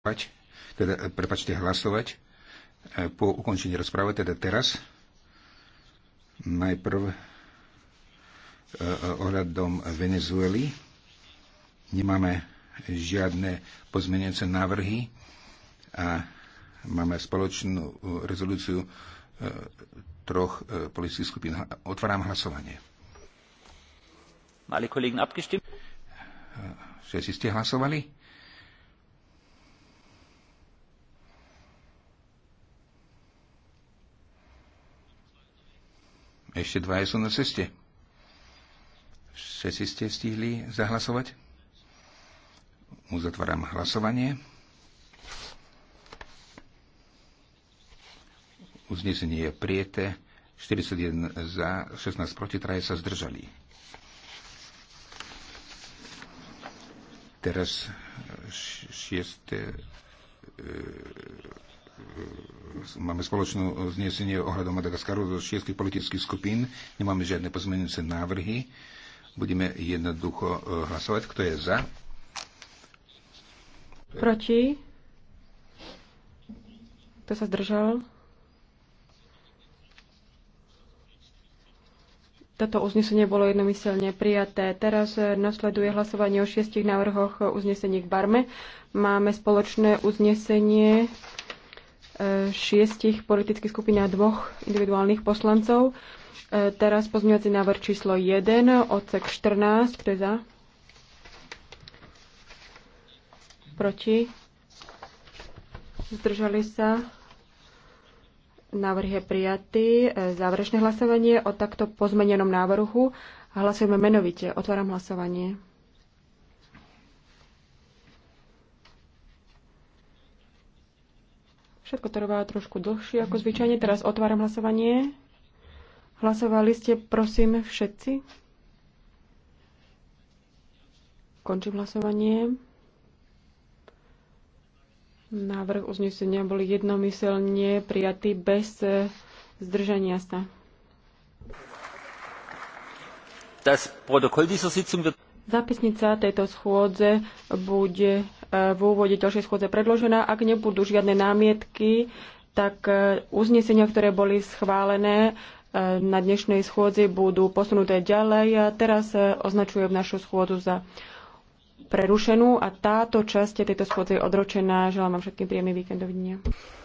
hlasovať, teda, eh, prepačte, hlasovať eh, po ukončení rozprávy, teda teraz. Najprv eh, ohľadom Venezuely. Nemáme žiadne pozmeniace návrhy a máme spoločnú rezolúciu troch politických skupín. Otváram hlasovanie. Alle Kollegen abgestimmt? Všetci ste hlasovali? Ešte dvaja sú na ceste. Všetci ste stihli zahlasovať? Uzatváram hlasovanie. Uznesenie je priete. 41 za, 16 proti, traje sa zdržali. Teraz šieste e, máme spoločné znesenie ohľadom Madagaskaru zo šiestich politických skupín. Nemáme žiadne pozmenujúce návrhy. Budeme jednoducho e, hlasovať. Kto je za? Proti? Kto sa zdržal? Toto uznesenie bolo jednomyselne prijaté. Teraz e, nasleduje hlasovanie o šiestich návrhoch uznesení k Barme. Máme spoločné uznesenie šiestich politických skupín a dvoch individuálnych poslancov. E, teraz pozmeňovací návrh číslo 1, odsek 14, kto je za? Proti? Zdržali sa? Návrh je prijatý. E, záverečné hlasovanie o takto pozmenenom návrhu. Hlasujeme menovite. Otváram hlasovanie. Všetko trvá trošku dlhšie ako zvyčajne. Teraz otváram hlasovanie. Hlasovali ste, prosím, všetci? Končím hlasovanie. Návrh uznesenia bol jednomyselne prijatý bez e, zdržania sa. Das Protokoll dieser Sitzung wird... Zápisnica tejto schôdze bude v úvode ďalšej schôdze predložená. Ak nebudú žiadne námietky, tak e, uznesenia, ktoré boli schválené e, na dnešnej schôdzi, budú posunuté ďalej. Teraz e, označujem našu schôdzu za prerušenú a táto časť tejto schôdze je odročená. Želám vám všetkým príjemný víkendový dňa.